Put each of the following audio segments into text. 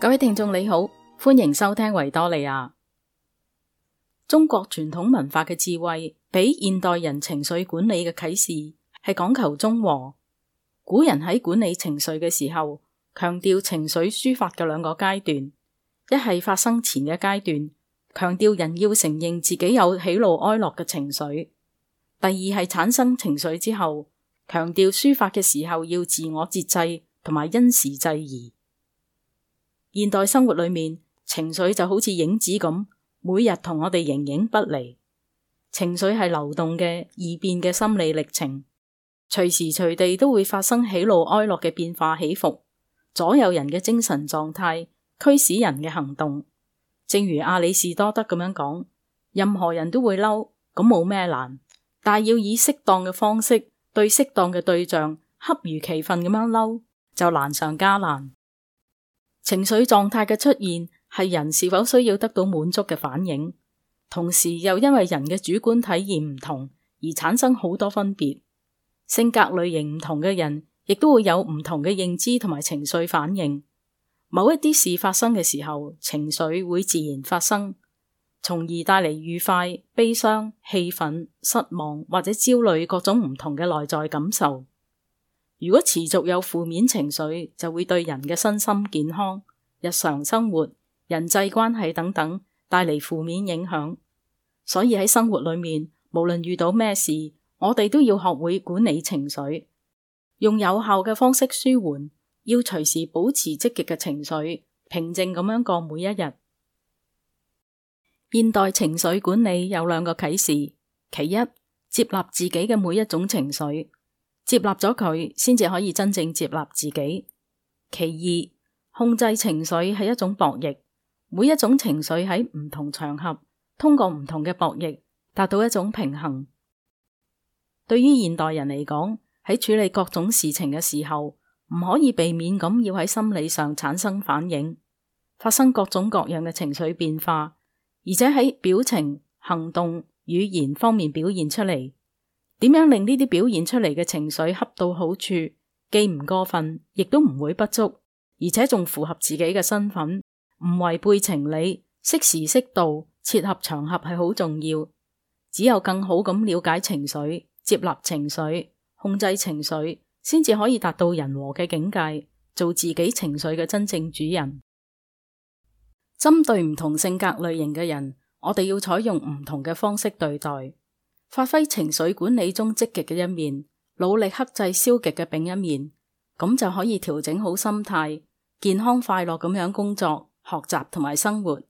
各位聽眾你好，歡迎收聽維多利亞。中國傳統文化嘅智慧，俾現代人情緒管理嘅啟示。係講求中和。古人喺管理情緒嘅時候，強調情緒抒發嘅兩個階段：一係發生前嘅階段，強調人要承認自己有喜怒哀樂嘅情緒；第二係產生情緒之後，強調抒發嘅時候要自我節制同埋因時制宜。現代生活裏面，情緒就好似影子咁，每日同我哋形影不離。情緒係流動嘅、易變嘅心理歷程。隨時隨地都會發生喜怒哀樂嘅變化起伏，左右人嘅精神狀態，驅使人嘅行動。正如亞里士多德咁樣講，任何人都會嬲，咁冇咩難。但要以適當嘅方式對適當嘅對象恰如其分咁樣嬲，就難上加難。情緒狀態嘅出現係人是否需要得到滿足嘅反應，同時又因為人嘅主觀體驗唔同而產生好多分別。性格類型唔同嘅人，亦都會有唔同嘅認知同埋情緒反應。某一啲事發生嘅時候，情緒會自然發生，從而帶嚟愉快、悲傷、氣憤、失望或者焦慮各種唔同嘅內在感受。如果持續有負面情緒，就會對人嘅身心健康、日常生活、人際關係等等帶嚟負面影響。所以喺生活裏面，無論遇到咩事。我哋都要學會管理情緒，用有效嘅方式舒緩，要隨時保持積極嘅情緒，平靜咁樣過每一日。現代情緒管理有兩個啟示：其一，接納自己嘅每一種情緒，接納咗佢，先至可以真正接納自己；其二，控制情緒係一種博弈，每一種情緒喺唔同場合，通過唔同嘅博弈，達到一種平衡。對於現代人嚟講，喺處理各種事情嘅時候，唔可以避免咁要喺心理上產生反應，發生各種各樣嘅情緒變化，而且喺表情、行動、語言方面表現出嚟。點樣令呢啲表現出嚟嘅情緒恰到好處，既唔過分，亦都唔會不足，而且仲符合自己嘅身份，唔違背情理，適時適度，切合場合係好重要。只有更好咁了解情緒。接納情緒，控制情緒，先至可以達到人和嘅境界，做自己情緒嘅真正主人。針對唔同性格類型嘅人，我哋要採用唔同嘅方式對待，發揮情緒管理中積極嘅一面，努力克制消極嘅另一面，咁就可以調整好心態，健康快樂咁樣工作、學習同埋生活。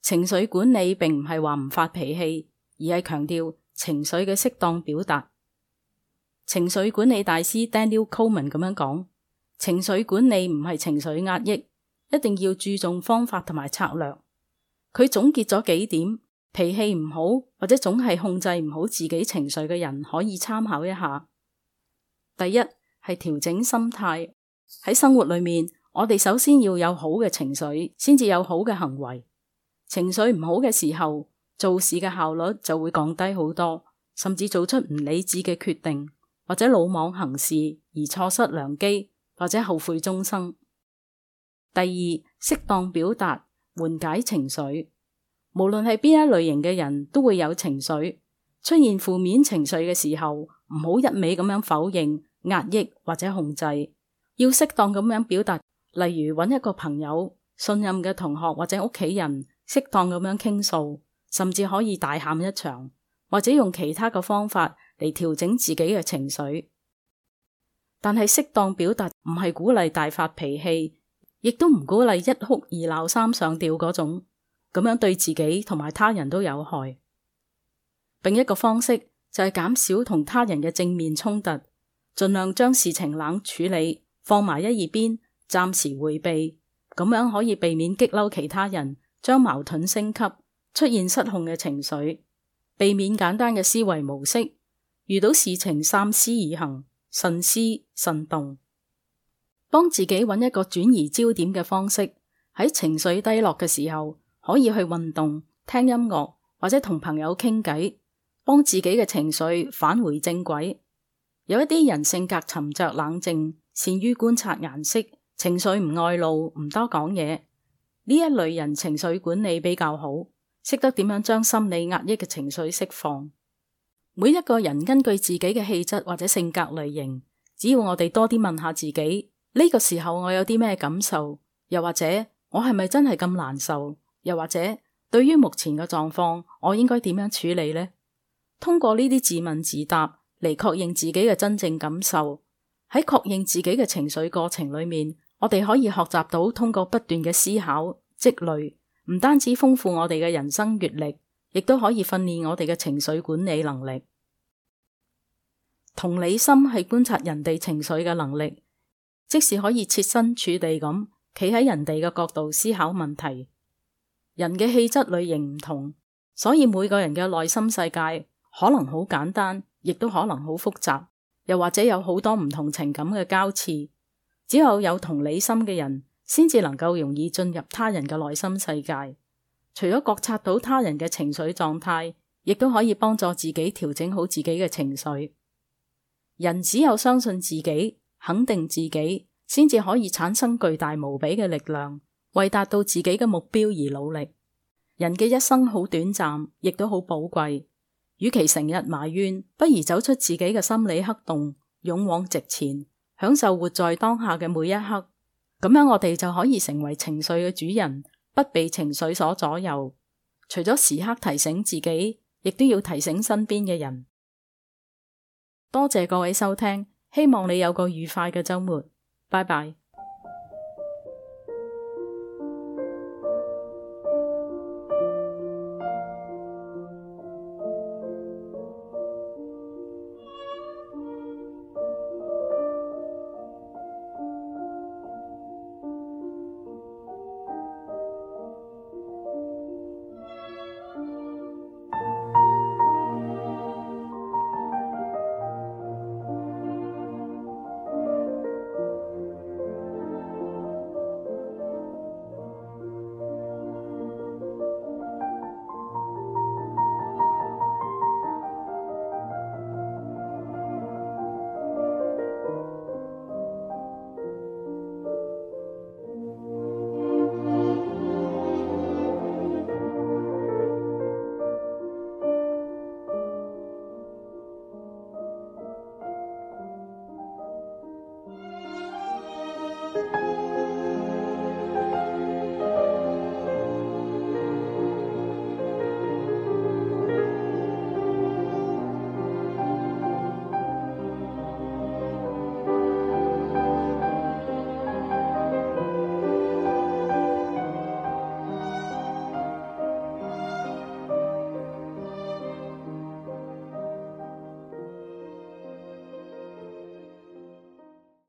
情緒管理並唔係話唔發脾氣，而係強調。情緒嘅適當表達，情緒管理大師 Daniel Coleman 咁樣講：情緒管理唔係情緒壓抑，一定要注重方法同埋策略。佢總結咗幾點，脾氣唔好或者總係控制唔好自己情緒嘅人可以參考一下。第一，係調整心態。喺生活裏面，我哋首先要有好嘅情緒，先至有好嘅行為。情緒唔好嘅時候，做事嘅效率就會降低好多，甚至做出唔理智嘅決定，或者魯莽行事而錯失良機，或者後悔終生。第二，適當表達緩解情緒，無論係邊一類型嘅人都會有情緒，出現負面情緒嘅時候唔好一味咁樣否認、壓抑或者控制，要適當咁樣表達，例如揾一個朋友、信任嘅同學或者屋企人，適當咁樣傾訴。甚至可以大喊一場，或者用其他嘅方法嚟調整自己嘅情緒。但係適當表達唔係鼓勵大發脾氣，亦都唔鼓勵一哭二鬧三上吊嗰種，咁樣對自己同埋他人都有害。另一個方式就係減少同他人嘅正面衝突，盡量將事情冷處理，放埋一二邊，暫時回避，咁樣可以避免激嬲其他人，將矛盾升級。出現失控嘅情緒，避免簡單嘅思維模式。遇到事情三思而行，慎思慎動，幫自己揾一個轉移焦點嘅方式。喺情緒低落嘅時候，可以去運動、聽音樂或者同朋友傾偈，幫自己嘅情緒返回正軌。有一啲人性格沉着冷靜，善於觀察顏色，情緒唔外露，唔多講嘢。呢一類人情緒管理比較好。識得點樣將心理壓抑嘅情緒釋放。每一個人根據自己嘅氣質或者性格類型，只要我哋多啲問下自己，呢個時候我有啲咩感受？又或者我係咪真係咁難受？又或者對於目前嘅狀況，我應該點樣處理呢？通過呢啲自問自答嚟確認自己嘅真正感受。喺確認自己嘅情緒過程裏面，我哋可以學習到通過不斷嘅思考積累。唔單止豐富我哋嘅人生閱歷，亦都可以訓練我哋嘅情緒管理能力。同理心係觀察人哋情緒嘅能力，即使可以設身處地咁企喺人哋嘅角度思考問題。人嘅氣質類型唔同，所以每個人嘅內心世界可能好簡單，亦都可能好複雜，又或者有好多唔同情感嘅交次。只有有同理心嘅人。先至能夠容易進入他人嘅內心世界，除咗覺察到他人嘅情緒狀態，亦都可以幫助自己調整好自己嘅情緒。人只有相信自己，肯定自己，先至可以產生巨大無比嘅力量，為達到自己嘅目標而努力。人嘅一生好短暫，亦都好寶貴，與其成日埋怨，不如走出自己嘅心理黑洞，勇往直前，享受活在當下嘅每一刻。咁樣我哋就可以成為情緒嘅主人，不被情緒所左右。除咗時刻提醒自己，亦都要提醒身邊嘅人。多謝各位收聽，希望你有個愉快嘅周末。拜拜。